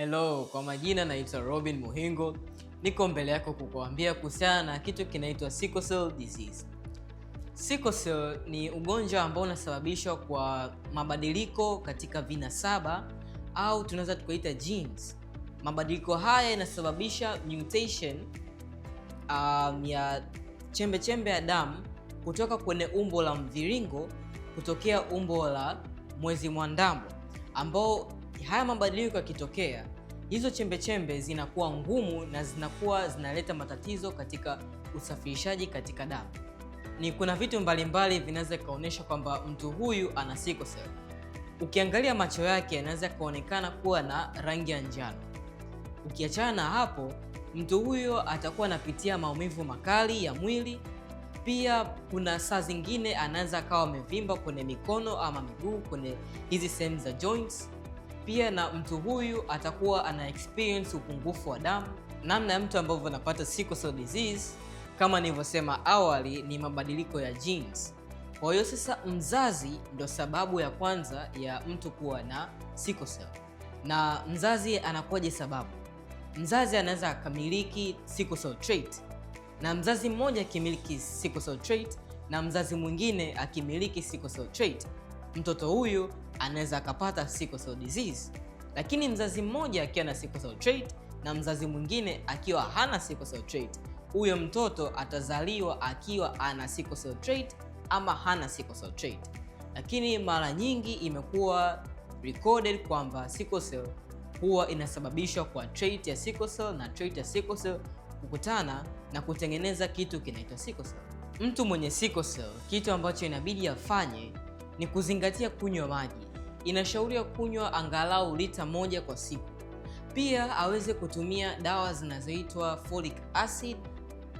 Hello, kwa majina naitwa Robin Muhingo, niko mbele yako kukuambia kuhusiana na kitu kinaitwa sickle cell disease. Sickle cell ni ugonjwa ambao unasababishwa kwa mabadiliko katika vina saba au tunaweza tukaita genes. Mabadiliko haya yanasababisha mutation um, ya chembe chembe ya damu kutoka kwenye umbo la mviringo kutokea umbo la mwezi mwandamo ambao haya mabadiliko yakitokea, hizo chembechembe zinakuwa ngumu na zinakuwa zinaleta matatizo katika usafirishaji katika damu. Ni kuna vitu mbalimbali vinaweza kaonyesha kwamba mtu huyu ana sickle cell. Ukiangalia macho yake yanaweza kaonekana kuwa na rangi ya njano. Ukiachana na hapo, mtu huyo atakuwa anapitia maumivu makali ya mwili. Pia kuna saa zingine anaweza akawa amevimba kwenye mikono ama miguu, kwenye hizi sehemu za joints pia na mtu huyu atakuwa ana experience upungufu wa damu. Namna ya mtu ambavyo anapata sickle cell disease kama nilivyosema awali ni mabadiliko ya genes. Kwa hiyo sasa, mzazi ndo sababu ya kwanza ya mtu kuwa na sickle cell. Na mzazi anakuwaje sababu? Mzazi anaweza akamiliki sickle cell trait, na mzazi mmoja akimiliki sickle cell trait na mzazi mwingine akimiliki sickle cell trait mtoto huyu anaweza akapata sickle cell disease, lakini mzazi mmoja akiwa na sickle cell trait na mzazi mwingine akiwa hana sickle cell trait, huyo mtoto atazaliwa akiwa ana sickle cell trait ama hana sickle cell trait. Lakini mara nyingi imekuwa recorded kwamba sickle cell huwa inasababishwa kwa trait ya sickle cell na trait ya sickle cell kukutana na kutengeneza kitu kinaitwa sickle cell. Mtu mwenye sickle cell, kitu ambacho inabidi afanye ni kuzingatia kunywa maji. Inashauriwa kunywa angalau lita moja kwa siku. Pia aweze kutumia dawa zinazoitwa folic acid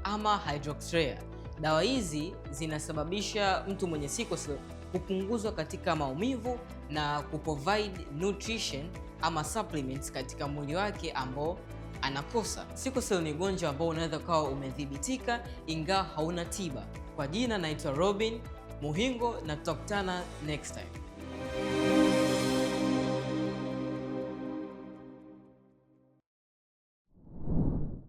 ama hydroxyurea. Dawa hizi zinasababisha mtu mwenye sickle cell kupunguzwa katika maumivu na kuprovide nutrition ama supplements katika mwili wake ambao anakosa. Sickle cell ni ugonjwa ambao unaweza ukawa umedhibitika ingawa hauna tiba. Kwa jina naitwa Robin Muhingo na tutakutana next time.